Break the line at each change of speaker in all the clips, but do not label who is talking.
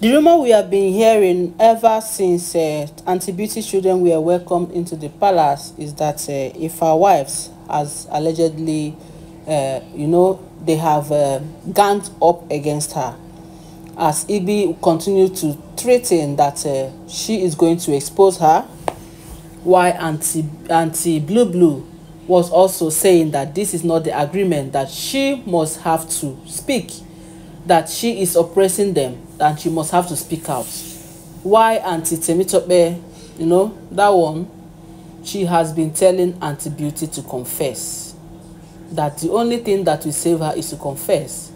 The rumor we have been hearing ever since uh, anti-beauty children were welcomed into the palace is that uh, if our wives, as allegedly, uh, you know, they have uh, ganged up against her, as Ibi continued to threaten that uh, she is going to expose her, while anti anti Blue Blue was also saying that this is not the agreement that she must have to speak that she is oppressing them and she must have to speak out why auntie temitope you know that one she has been telling auntie beauty to confess that the only thing that will save her is to confess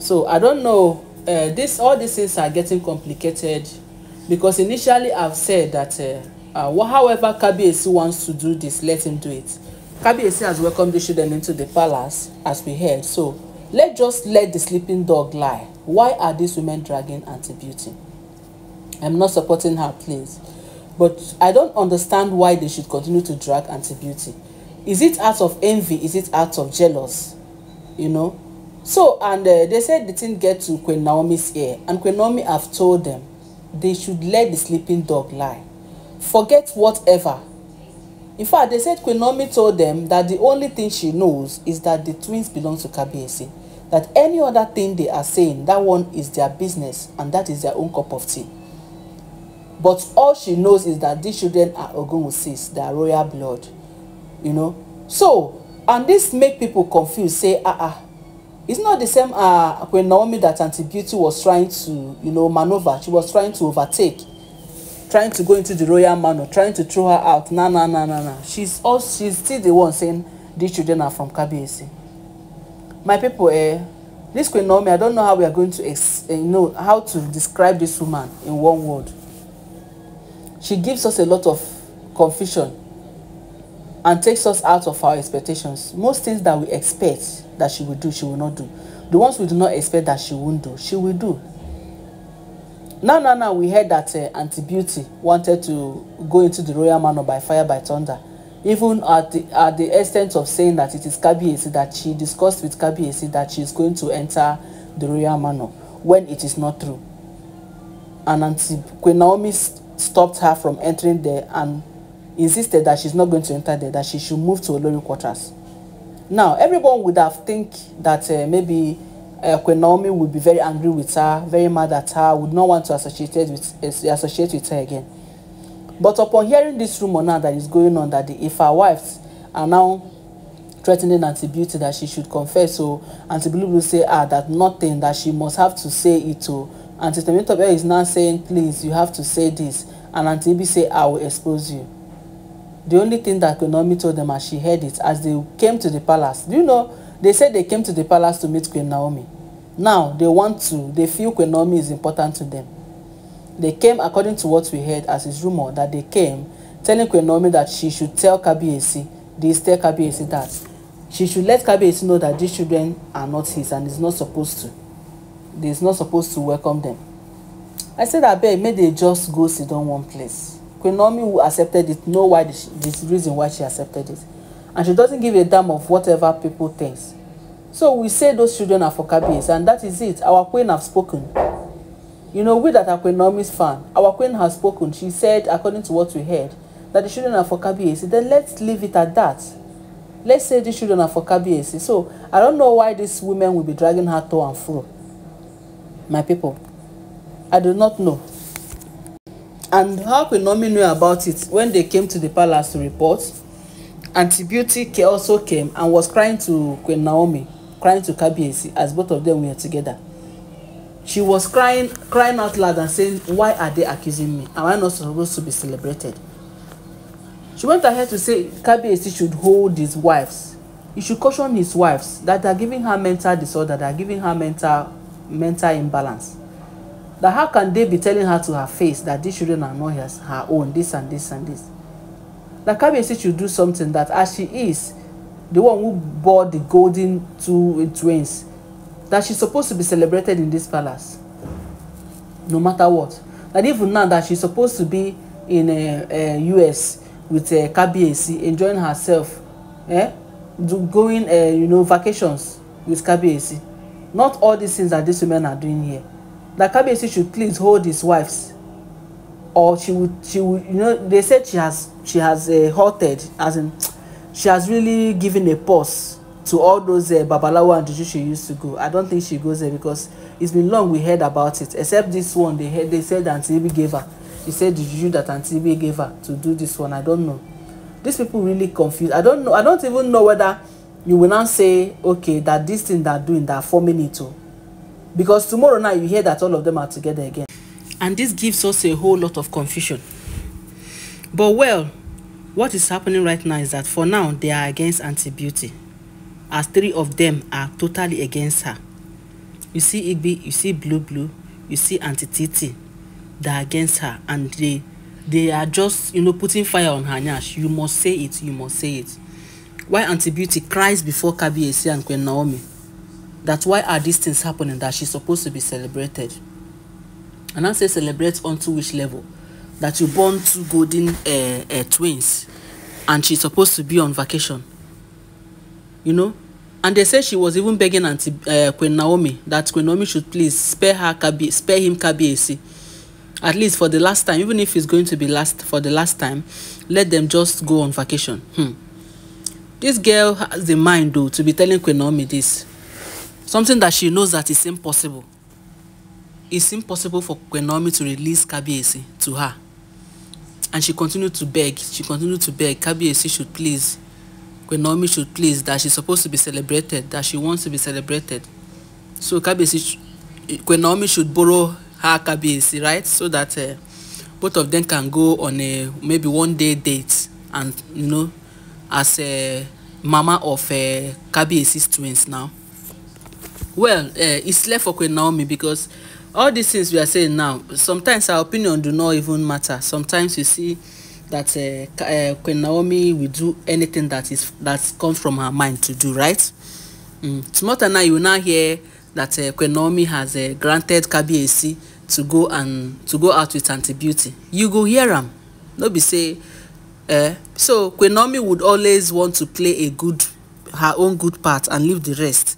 so i don't know uh, this all these things are getting complicated because initially i've said that uh, uh, however kabiyesi wants to do this let him do it kabiyesi has welcomed the children into the palace as we heard so Let's just let the sleeping dog lie. Why are these women dragging Auntie Beauty? I'm not supporting her, please. But I don't understand why they should continue to drag Auntie Beauty. Is it out of envy? Is it out of jealous? You know? So, and uh, they said they didn't get to Queen Naomi's ear. And Queen Naomi have told them they should let the sleeping dog lie. Forget whatever. In fact, they said Queen Naomi told them that the only thing she knows is that the twins belong to Kabiesi. that any other thing they are saying, that one is their business and that is their own cup of tea. But all she knows is that these children are Ogunwusis, they are royal blood. You know? So, and this make people confused, say, ah, ah. It's not the same uh, when Naomi that Auntie Beauty was trying to, you know, maneuver. She was trying to overtake, trying to go into the royal manor, trying to throw her out. Nah, nah, nah, nah, nah. She's, all, she's still the one saying, these children are from Kabiyesi. my people eh this queen naomi i don't know how we are going to ex eh, know how to describe this woman in one word she gives us a lot of confusion and takes us out of our expectations most things that we expect that she will do she will not do the ones we do not expect that she won't do she will do now now now we heard that uh, eh, auntie beauty wanted to go into the royal manor by fire by thunder even at the, at the extent of saying that it is Kabiesi that she discussed with Kabiesi that she is going to enter the royal manor when it is not true. And Auntie Naomi stopped her from entering there and insisted that she's not going to enter there, that she should move to Olori quarters. Now, everyone would have think that uh, maybe uh, Naomi would be very angry with her, very mad at her, would not want to associate with, eh, associate with her again. But upon hearing this rumor now that is going on that the Ifa wives are now threatening Auntie Beauty that she should confess. So Auntie Blue Blue say ah that nothing that she must have to say it to. Oh. Auntie Temitope is now saying please you have to say this and Auntie Ibi say I will expose you. The only thing that Konomi told them as she heard it as they came to the palace. Do you know they said they came to the palace to meet Queen Naomi. Now they want to they feel Queen Naomi is important to them. They came according to what we heard as his rumor that they came telling Queen Naomi that she should tell Kabiyesi this tell Kabiyesi that she should let Kabiyesi know that these children are not his and he's not supposed to they is not supposed to welcome them. I said abeg make they just go sit down one place. Queen Naomi who accepted it know why the, the reason why she accepted it and she doesn't give a damn of whatever people thinks. So we say those children are for Kabiyesi and that is it. Our queen have spoken. You know, we that are Naomi's fan, our queen has spoken. She said, according to what we heard, that the children are for KBAC. Then let's leave it at that. Let's say the children are for KBAC. So I don't know why these women will be dragging her to and fro. My people, I do not know. And how Naomi knew about it when they came to the palace to report, Auntie Beauty also came and was crying to Queen Naomi, crying to KBAC as both of them were together. she was crying crying out loud and saying why are they accusing me am i not supposed to be celebrated she went ahead to say kabiyesi should hold his wives he should caution his wives that they are giving her mental disorder they are giving her mental mental imbalance that how can they be telling her to her face that these children are not hers her own this and this and this that kabiyesi should do something that as she is the one who bore the golden two twins that she's supposed to be celebrated in this palace no matter what and even now that she's supposed to be in uh, uh, uh, a uh, US with a Kabiyesi enjoying herself eh? going uh, you know vacations with Kabiyesi not all these things that these women are doing here that Kabiyesi should please hold his wives or she would she would you know they said she has she has uh, halted as in she has really given a pause to all those uh, babalawo and juju she used to go i don't think she goes there because it's been long we heard about it except this one they heard they said aunty ibi gave her she said the juju that aunty ibi gave her to do this one i don't know these people really confused i don't know i don't even know whether you will now say okay that this thing are doing they're forming it too because tomorrow night you hear that all of them are together again and this gives us a whole lot of confusion but well what is happening right now is that for now they are against anti-beauty as three of them are totally against her. You see Igbe, you see Blue Blue, you see Auntie Titi, they are against her and they they are just you know putting fire on her nyash. You must say it, you must say it. Why Auntie Beauty cries before Kabiyesi and Queen Naomi? That why are these things happening that she's supposed to be celebrated? And I say celebrate unto which level? That you born two golden uh, uh, twins and she's supposed to be on vacation you know and they say she was even begging auntie uh, queen naomi that queen naomi should please spare her kabi spare him kabiesi at least for the last time even if it's going to be last for the last time let them just go on vacation hmm. this girl has the mind though to be telling queen naomi this something that she knows that is impossible it's impossible for queen naomi to release kabiesi to her and she continued to beg she continued to beg kabiesi should please pé Naomi should please that she's supposed to be celebrated that she wants to be celebrated so Kabiyesi Queen Naomi should borrow her Kabiyesi right so that uh, both of them can go on a maybe one day date and you know as a eh, mama of uh, eh, Kabiyesi's twins now well uh, it's left for Queen Naomi because all these things we are saying now sometimes our opinion do not even matter sometimes you see that uh, uh, Queen Naomi will do anything that is that comes from her mind to do, right? Mm. Tomorrow now, you will now hear that uh, Queen Naomi has uh, granted Kabiesi to go and to go out with Auntie Beauty. You go hear am. Nobody say. Uh, so Queen Naomi would always want to play a good, her own good part and leave the rest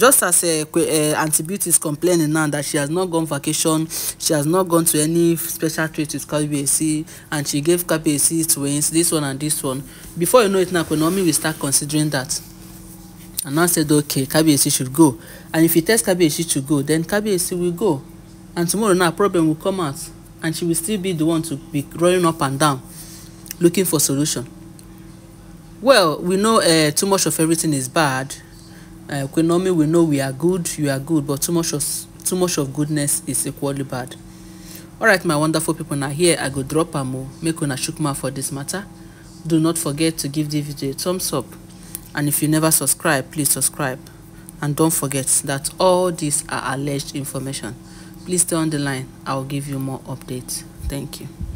just as uh, uh, aunty beauty is complaining now that she has not gone vacation she has not gone to any special treat with kabiyesi and she gave kabiyesi twins this one and this one before you know it now kwenomi will start considering that and now said okay kabiyesi should go and if you test kabiyesi to go then kabiyesi will go and tomorrow now problem will come out and she will still be the one to be running up and down looking for solution well we know uh, too much of everything is bad uh, eh, Kwenomi, we know we are good, you are good, but too much of too much of goodness is equally bad. Alright, my wonderful people, now here I go drop a mo, make una shukma for this matter. Do not forget to give this video a thumbs up. And if you never subscribe, please subscribe. And don't forget that all these are alleged information. Please stay on the line. I will give you more updates. Thank you.